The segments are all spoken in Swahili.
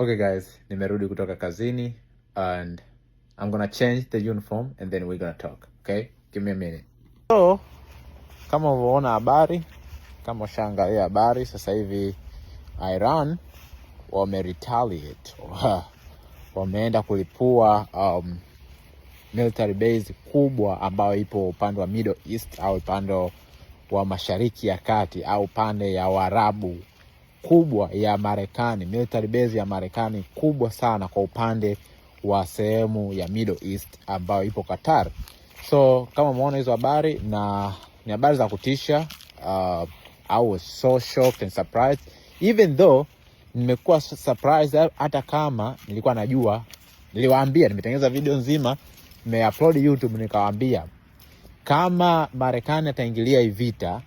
Okay guys, nimerudi kutoka kazini and I'm gonna change the uniform and then we're gonna talk. Okay? Give me a minute. So, kama unavyoona habari, kama ushaangalia habari sasa hivi Iran wame retaliate. Wameenda kulipua um, military base kubwa ambayo ipo upande wa Middle East au upande wa Mashariki ya Kati au upande ya Waarabu kubwa ya Marekani, military base ya Marekani kubwa sana kwa upande wa sehemu ya Middle East ambayo ipo Qatar. So kama umeona hizo habari na ni habari za kutisha. Uh, I was so shocked and surprised even though nimekuwa surprised, hata kama nilikuwa najua. Niliwaambia, nimetengeneza video nzima, nimeupload YouTube, nikawaambia kama Marekani ataingilia hii vita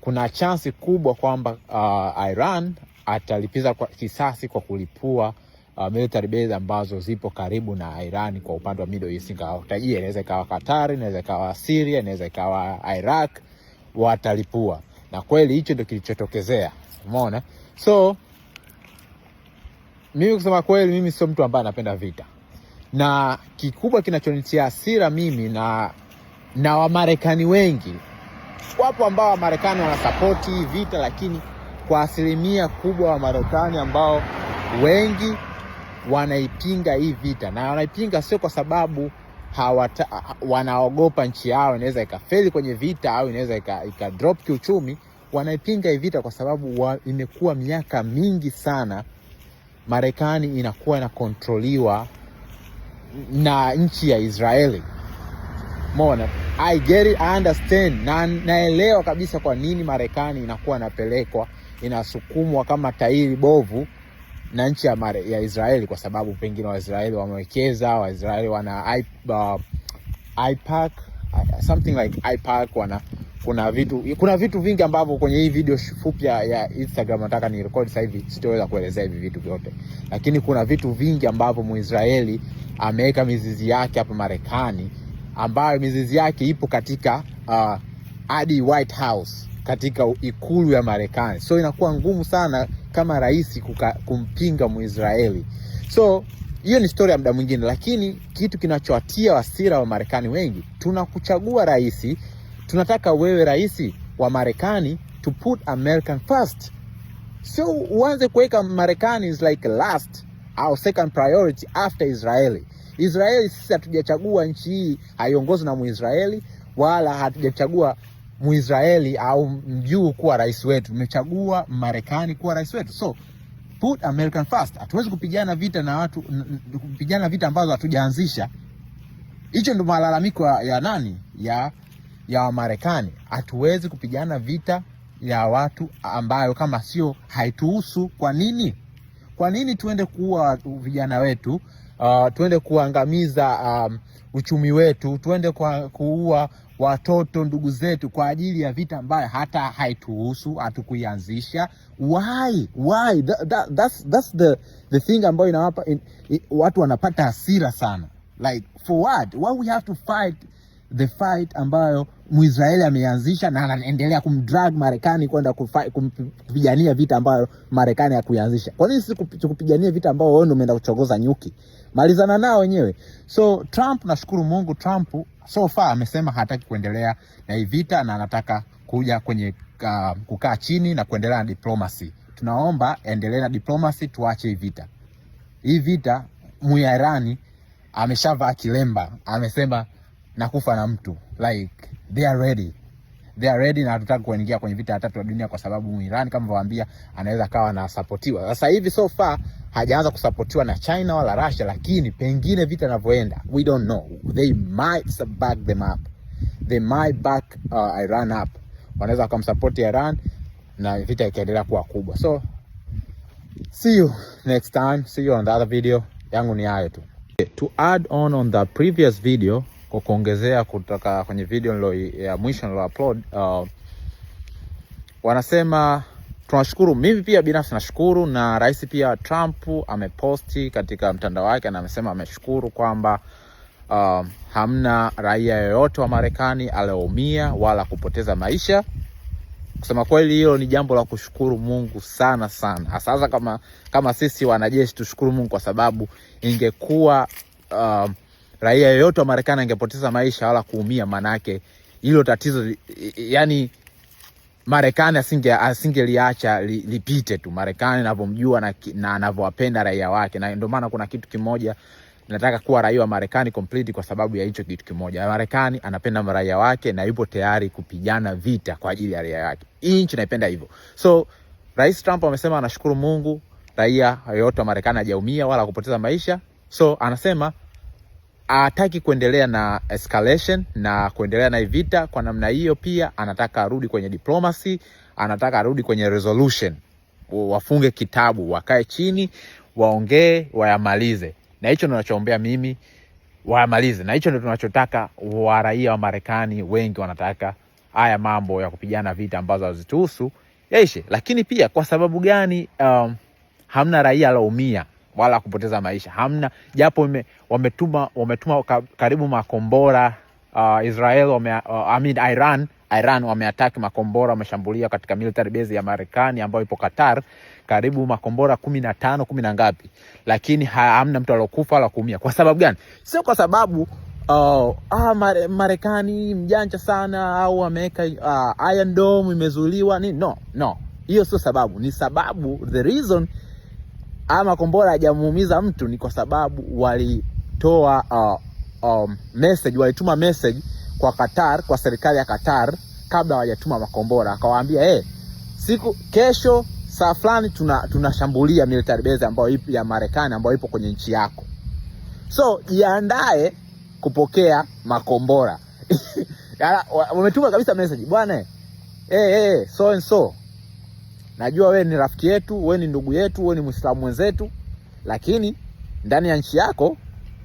kuna chansi kubwa kwamba uh, Iran atalipiza kwa kisasi kwa kulipua uh, military base ambazo zipo karibu na Iran kwa upande wa Middle East, ingawa utajia inaweza ikawa Qatar, inaweza ikawa Syria, inaweza ikawa Iraq, watalipua na kweli hicho ndio kilichotokezea. Umeona, so mimi kusema kweli, mimi sio mtu ambaye anapenda vita, na kikubwa kinachonitia hasira mimi na na Wamarekani wengi Wapo ambao Wamarekani wanasapoti hii vita, lakini kwa asilimia kubwa Wamarekani ambao wengi wanaipinga hii vita, na wanaipinga sio kwa sababu hawata, wanaogopa nchi yao inaweza ikafeli kwenye vita au inaweza ikadrop kiuchumi. Wanaipinga hii vita kwa sababu wa, imekuwa miaka mingi sana Marekani inakuwa inakontroliwa na nchi ya Israeli mona I get it, I understand. Na naelewa kabisa kwa nini Marekani inakuwa inapelekwa inasukumwa kama tairi bovu na nchi ya, mare, ya Israeli kwa sababu pengine Waisraeli wamewekeza, Waisraeli wana I, uh, I pack, something like I pack, wana kuna vitu kuna vitu vingi ambavyo kwenye hii video fupi ya Instagram nataka ni record sasa hivi, sitoweza kuelezea hivi vitu vyote, lakini kuna vitu vingi ambavyo Muisraeli ameweka mizizi yake hapa Marekani ambayo mizizi yake ipo katika uh, White House katika ikulu ya Marekani. So inakuwa ngumu sana kama rais kumpinga Mwisraeli. So hiyo ni stori ya muda mwingine, lakini kitu kinachoatia wasira wa Marekani wengi, tunakuchagua rais, tunataka wewe rais wa Marekani to put American first, so uanze kuweka Marekani is like last au second priority after Israeli. Israeli sisi hatujachagua nchi hii, haiongozwi na Mwisraeli wala hatujachagua Mwisraeli au mjuu kuwa rais wetu, tumechagua Marekani kuwa rais wetu. So put American first. Hatuwezi kupigana vita na watu, kupigana vita ambazo hatujaanzisha. Hicho ndio malalamiko ya nani, ya ya Wamarekani. Hatuwezi kupigana vita ya watu ambayo kama sio haituhusu. Kwa nini? Kwa nini tuende kuua vijana wetu uh, tuende kuangamiza um, uchumi wetu, tuende kwa kuua watoto ndugu zetu kwa ajili ya vita ambayo hata haituhusu, hatukuianzisha. Why? Why? That, that, that's, that's the, the thing ambayo inawapa in, in, watu wanapata hasira sana like for what? Why we have to fight the fight ambayo Mwisraeli ameianzisha na anaendelea kumdrag Marekani kwenda kupigania vita ambayo Marekani hakuianzisha. Kwa nini sisi kupigania vita ambao wewe ndio umeenda kuchogoza nyuki? Malizana nao wenyewe. So Trump, nashukuru Mungu, Trump so far amesema hataki kuendelea na hii vita na anataka kuja kwenye uh, kukaa chini na kuendelea na diplomacy. Tunaomba endelee na diplomacy, tuache hii vita. Hii vita Muirani ameshavaa kilemba, amesema na kufa na mtu like they are ready they are ready, na hatutaki kuingia kwenye vita ya tatu ya dunia kwa sababu Iran kama waambia, anaweza kawa anasapotiwa sasa hivi. So far hajaanza kusapotiwa na China wala Russia, lakini pengine vita inavyoenda, we don't know, they might back them up, they might back uh, Iran up, wanaweza wakamsapoti Iran na vita ikaendelea kuwa kubwa. So see you next time, see you on the other video. Yangu ni hayo tu. To add on on the previous video kuongezea kutoka kwenye video nilo ya mwisho nilo upload uh, wanasema tunashukuru. Mimi pia binafsi nashukuru, na rais pia Trump ameposti katika mtandao wake na amesema ameshukuru kwamba uh, hamna raia yoyote wa Marekani aliyoumia wala kupoteza maisha. Kusema kweli, hilo ni jambo la kushukuru Mungu sana sana, hasa kama, kama sisi wanajeshi tushukuru Mungu kwa sababu ingekuwa uh, raia yoyote wa Marekani angepoteza maisha wala kuumia, maana hilo tatizo yani Marekani asinge asingeliacha li, lipite tu. Marekani anavyomjua na anavyowapenda raia wake, na ndio maana kuna kitu kimoja nataka kuwa raia wa Marekani complete kwa sababu ya hicho kitu kimoja. Marekani anapenda raia wake na yupo tayari kupigana vita kwa ajili ya raia wake. Hii nchi naipenda hivyo. So Rais Trump amesema anashukuru Mungu raia yoyote wa Marekani hajaumia wala kupoteza maisha. So anasema hataki kuendelea na escalation na kuendelea na vita kwa namna hiyo. Pia anataka arudi kwenye diplomacy, anataka arudi kwenye resolution, wafunge kitabu, wakae chini, waongee, wayamalize. Na hicho ninachoombea mimi, wayamalize, na hicho ndio tunachotaka waraia wa Marekani. Wengi wanataka haya mambo ya kupigana vita ambazo hazituhusu yaishe. Lakini pia kwa sababu gani? Um, hamna raia alaumia wala kupoteza maisha hamna, japo wametuma wametuma karibu makombora uh, Israel wame, uh, I mean Iran Iran wameataki makombora, wameshambulia katika military base ya Marekani ambayo ipo Qatar, karibu makombora kumi na tano kumi na ngapi, lakini hamna mtu aliokufa wala kuumia. Kwa sababu gani? Sio kwa sababu Oh, ah, Marekani mjanja sana au ameweka uh, Iron Dome imezuliwa nini? No, no, hiyo sio sababu, ni sababu the reason ama kombora hajamuumiza mtu ni kwa sababu walitoa uh, um, message, walituma message kwa Qatar, kwa serikali ya Qatar kabla hawajatuma makombora, akawaambia hey, eh, siku kesho saa fulani tunashambulia tuna military base ambayo ipo ya Marekani ambayo ipo kwenye nchi yako, so jiandae kupokea makombora. Wametuma kabisa message bwana, hey, eh, eh, hey, so and so najua we ni rafiki yetu, we ni ndugu yetu, we ni mwislamu mwenzetu, lakini ndani ya nchi yako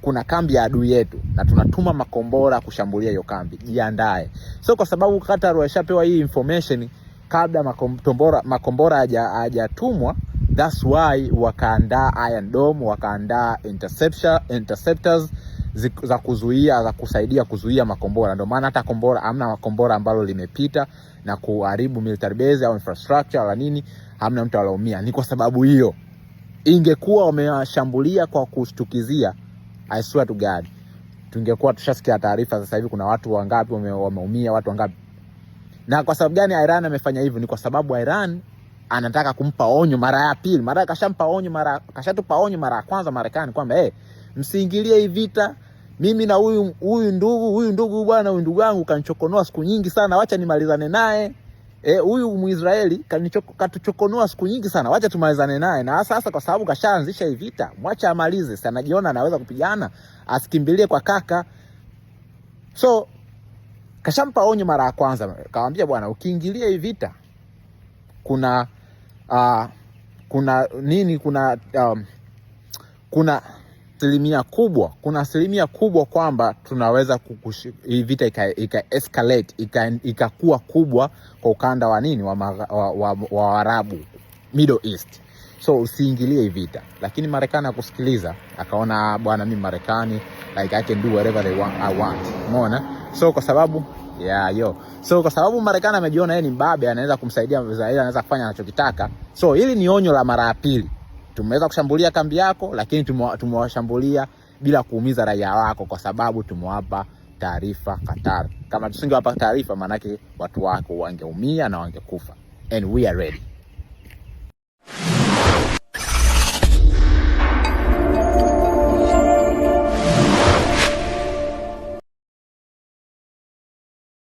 kuna kambi ya adui yetu na tunatuma makombora kushambulia hiyo kambi, jiandae. So kwa sababu Qatar washapewa hii information kabla makombora makombora hajatumwa, that's why wakaandaa Iron Dome, wakaandaa interceptor interceptors za kuzuia za kusaidia kuzuia makombora. Ndio maana hata kombora, hamna makombora ambalo limepita na kuharibu military base au infrastructure wala nini, hamna mtu alaumia. Ni kwa sababu hiyo. Ingekuwa wamewashambulia kwa kushtukizia, I swear to God, tungekuwa tushasikia taarifa sasa hivi kuna watu wangapi wameumia, watu wangapi. Na kwa sababu gani Iran amefanya hivyo? Ni kwa sababu Iran anataka kumpa onyo mara ya pili, mara kashampa onyo, mara kashatupa onyo mara ya kwanza Marekani kwamba eh hey, msiingilie hii vita. Mimi na huyu huyu ndugu huyu ndugu bwana, huyu ndugu yangu kanichokonoa siku nyingi sana, wacha nimalizane naye. Eh, huyu Mwisraeli katuchokonoa siku nyingi sana, wacha tumalizane naye. Na sasa kwa sababu kashaanzisha hii vita, mwacha amalize. Sasa najiona anaweza kupigana, asikimbilie kwa kaka. So kashampa onyo mara ya kwanza, kawaambia bwana, ukiingilia hii vita kuna uh, kuna nini kuna um, kuna asilimia kubwa, kuna asilimia kubwa kwamba tunaweza hii vita ika, ika escalate ikakuwa ika kubwa kwa ukanda wa nini wa, wa, wa, wa Arabu Middle East. So usiingilie hii vita, lakini Marekani akusikiliza, akaona ah, bwana, mimi Marekani like I can do whatever they want, I want. Umeona? So kwa sababu yeah, yo. So kwa sababu Marekani amejiona yeye ni mbabe, anaweza kumsaidia Israeli, anaweza kufanya anachokitaka. So hili ni onyo la mara ya pili tumeweza kushambulia kambi yako, lakini tumewashambulia bila kuumiza raia wako, kwa sababu tumewapa taarifa Qatar. Kama tusingewapa taarifa, maanake watu wako wangeumia na wangekufa. And we are ready.